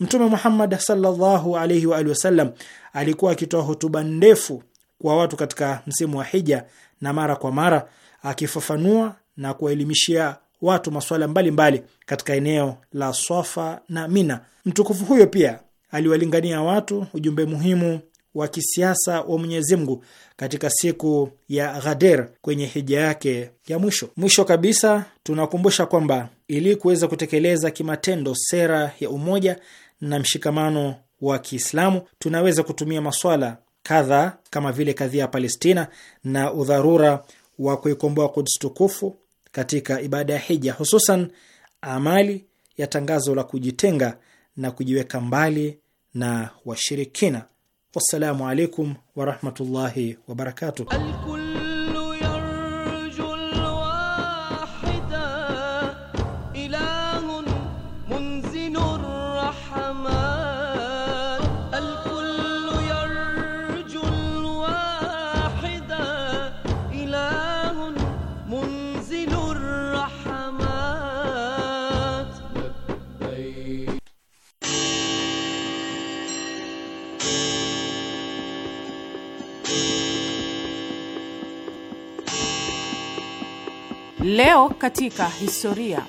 Mtume Muhammad sallallahu alaihi wa alihi wasallam alikuwa akitoa hotuba ndefu kwa watu katika msimu wa hija, na mara kwa mara akifafanua na kuwaelimishia watu masuala mbalimbali katika eneo la Swafa na Mina. Mtukufu huyo pia aliwalingania watu ujumbe muhimu wa kisiasa wa Mwenyezi Mungu katika siku ya Ghadir kwenye hija yake ya mwisho. Mwisho kabisa, tunakumbusha kwamba ili kuweza kutekeleza kimatendo sera ya umoja na mshikamano wa Kiislamu, tunaweza kutumia maswala kadhaa kama vile kadhia ya Palestina na udharura wa kuikomboa Kuds tukufu katika ibada ya hija, hususan amali ya tangazo la kujitenga na kujiweka mbali na washirikina. Wassalamu alaikum warahmatullahi wabarakatuh. Leo katika historia.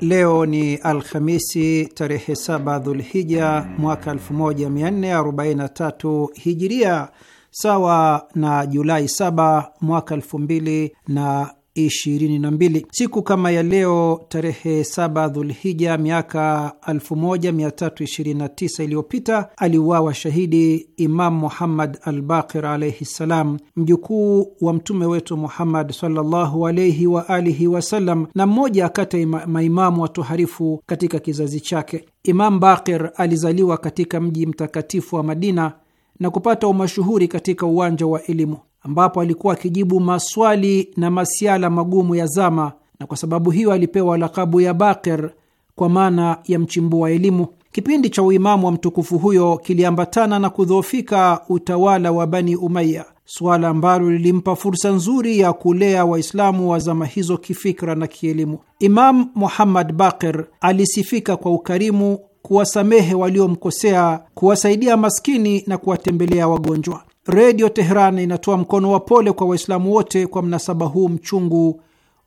Leo ni Alhamisi tarehe 7 Dhulhija mwaka 1443 Hijiria, sawa na Julai 7 mwaka 2000 na 22. Siku kama ya leo tarehe 7 Dhulhija miaka 1329 iliyopita aliuawa shahidi Imam Muhammad Albaqir alaihi ssalam, mjukuu wa mtume wetu Muhammad sallallahu alaihi wa alihi wasallam, na mmoja kati ya maimamu watoharifu katika kizazi chake. Imam Baqir alizaliwa katika mji mtakatifu wa Madina na kupata umashuhuri katika uwanja wa elimu, ambapo alikuwa akijibu maswali na masiala magumu ya zama, na kwa sababu hiyo alipewa lakabu ya Bakir kwa maana ya mchimbua elimu. Kipindi cha uimamu wa mtukufu huyo kiliambatana na kudhoofika utawala wa Bani Umaya, suala ambalo lilimpa fursa nzuri ya kulea Waislamu wa zama hizo kifikra na kielimu. Imam Muhammad Bakir alisifika kwa ukarimu kuwasamehe waliomkosea, kuwasaidia maskini na kuwatembelea wagonjwa. Redio Teheran inatoa mkono wa pole kwa Waislamu wote kwa mnasaba huu mchungu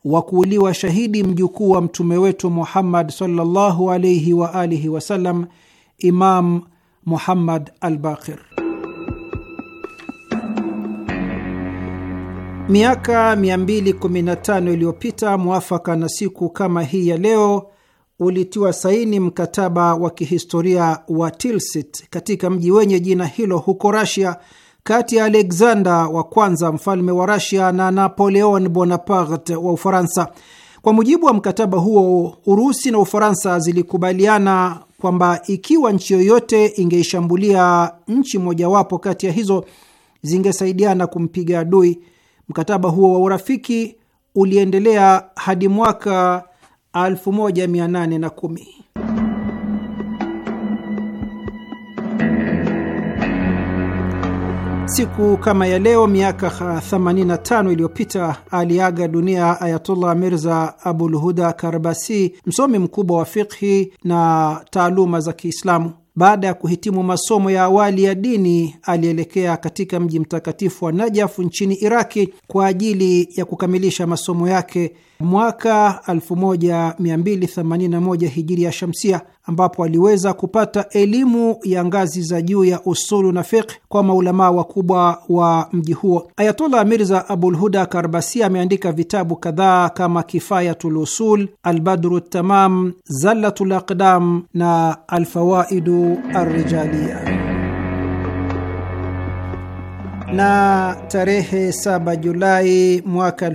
wa kuuliwa shahidi mjukuu wa mtume wetu Muhammad sallallahu alaihi wa alihi wasallam, Imam Muhammad al-Baqir. Miaka 215 iliyopita, mwafaka na siku kama hii ya leo ulitiwa saini mkataba wa kihistoria wa Tilsit katika mji wenye jina hilo huko Rasia, kati ya Alexander wa kwanza mfalme wa Rasia na Napoleon Bonaparte wa Ufaransa. Kwa mujibu wa mkataba huo, Urusi na Ufaransa zilikubaliana kwamba ikiwa nchi yoyote ingeishambulia nchi mojawapo kati ya hizo zingesaidiana kumpiga adui. Mkataba huo wa urafiki uliendelea hadi mwaka 1810. Siku kama ya leo miaka 85 iliyopita aliaga dunia Ayatullah Mirza Abulhuda Karbasi, msomi mkubwa wa fikhi na taaluma za Kiislamu. Baada ya kuhitimu masomo ya awali ya dini, alielekea katika mji mtakatifu wa Najafu nchini Iraki kwa ajili ya kukamilisha masomo yake mwaka 1281 hijiri ya shamsia, ambapo aliweza kupata elimu ya ngazi za juu ya usulu na fiqh kwa maulamaa wakubwa wa mji huo. Ayatola Mirza huda Karbasi ameandika vitabu kadhaa kama Kifayatul Usul, Albadru Tamam, Zallatul Aqdam na Alfawaidu Arrijalia na tarehe 7 Julai mwaka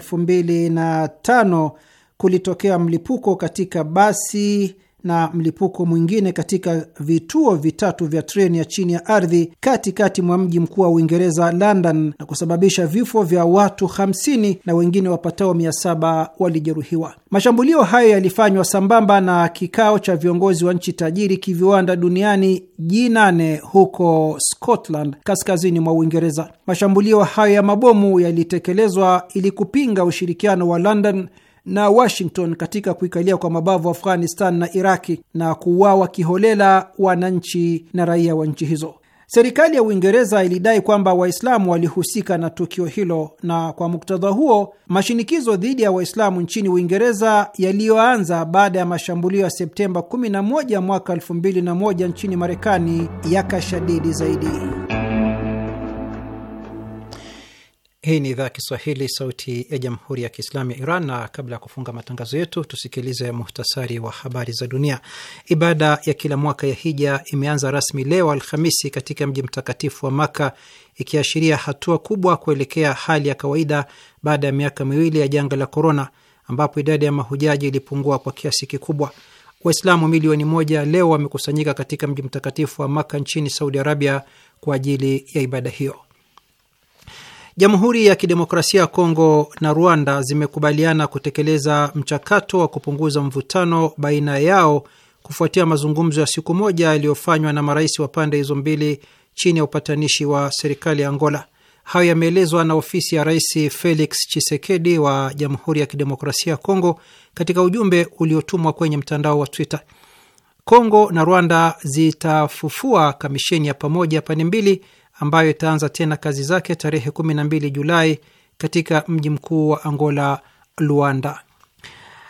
tano kulitokea mlipuko katika basi na mlipuko mwingine katika vituo vitatu vya treni ya chini ya ardhi katikati mwa mji mkuu wa Uingereza, London, na kusababisha vifo vya watu 50 na wengine wapatao 700 walijeruhiwa. Mashambulio hayo yalifanywa sambamba na kikao cha viongozi wa nchi tajiri kiviwanda duniani G8 huko Scotland, kaskazini mwa Uingereza. Mashambulio hayo ya mabomu yalitekelezwa ili kupinga ushirikiano wa London na Washington katika kuikalia kwa mabavu Afghanistan na Iraki na kuuawa kiholela wananchi na raia wa nchi hizo. Serikali ya Uingereza ilidai kwamba Waislamu walihusika na tukio hilo, na kwa muktadha huo mashinikizo dhidi ya Waislamu nchini Uingereza yaliyoanza baada ya mashambulio ya Septemba 11 mwaka 2001 nchini Marekani yakashadidi zaidi. Hii ni idhaa ya Kiswahili, sauti ya jamhuri ya kiislamu ya Iran. Na kabla ya kufunga matangazo yetu, tusikilize muhtasari wa habari za dunia. Ibada ya kila mwaka ya hija imeanza rasmi leo Alhamisi katika mji mtakatifu wa Maka, ikiashiria hatua kubwa kuelekea hali ya kawaida baada ya miaka miwili ya janga la korona, ambapo idadi ya mahujaji ilipungua kwa kiasi kikubwa. Waislamu milioni moja leo wamekusanyika katika mji mtakatifu wa Maka nchini Saudi Arabia kwa ajili ya ibada hiyo. Jamhuri ya Kidemokrasia ya Kongo na Rwanda zimekubaliana kutekeleza mchakato wa kupunguza mvutano baina yao kufuatia mazungumzo ya siku moja yaliyofanywa na marais wa pande hizo mbili chini ya upatanishi wa serikali ya Angola. Hayo yameelezwa na ofisi ya Rais Felix chisekedi wa Jamhuri ya Kidemokrasia ya Kongo katika ujumbe uliotumwa kwenye mtandao wa Twitter. Kongo na Rwanda zitafufua kamisheni ya pamoja pande mbili ambayo itaanza tena kazi zake tarehe 12 Julai katika mji mkuu wa Angola, Luanda.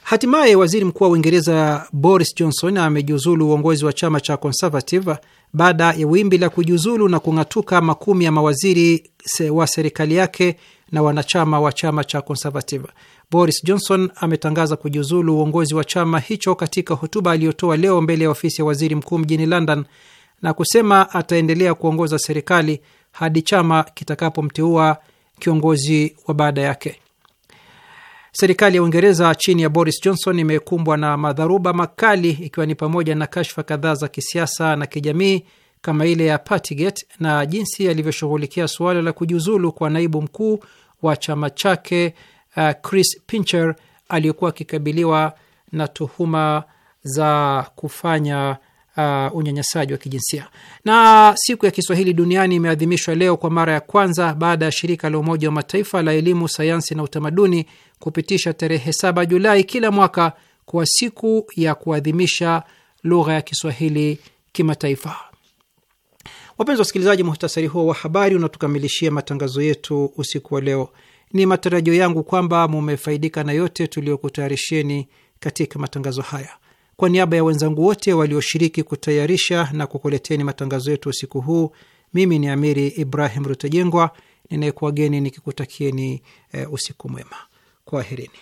Hatimaye waziri mkuu wa Uingereza Boris Johnson amejiuzulu uongozi wa chama cha Conservative baada ya wimbi la kujiuzulu na kung'atuka makumi ya mawaziri wa serikali yake na wanachama wa chama cha Conservative. Boris Johnson ametangaza kujiuzulu uongozi wa chama hicho katika hotuba aliyotoa leo mbele ya ofisi ya waziri mkuu mjini London na kusema ataendelea kuongoza serikali hadi chama kitakapomteua kiongozi wa baada yake. Serikali ya Uingereza chini ya Boris Johnson imekumbwa na madharuba makali, ikiwa ni pamoja na kashfa kadhaa za kisiasa na kijamii kama ile ya Partygate na jinsi alivyoshughulikia suala la kujiuzulu kwa naibu mkuu wa chama chake uh, Chris Pincher aliyekuwa akikabiliwa na tuhuma za kufanya uh, unyanyasaji wa kijinsia. Na siku ya Kiswahili duniani imeadhimishwa leo kwa mara ya kwanza baada ya shirika la Umoja wa Mataifa la elimu, sayansi na utamaduni kupitisha tarehe 7 Julai kila mwaka kwa siku ya kuadhimisha lugha ya Kiswahili kimataifa. Wapenzi wasikilizaji, muhtasari huo wa habari unatukamilishia matangazo yetu usiku wa leo. Ni matarajio yangu kwamba mumefaidika na yote tuliyokutayarisheni katika matangazo haya. Kwa niaba ya wenzangu wote walioshiriki kutayarisha na kukuleteni matangazo yetu usiku huu, mimi ni Amiri Ibrahim Rutajengwa ninayekuwageni nikikutakieni e, usiku mwema. Kwaherini.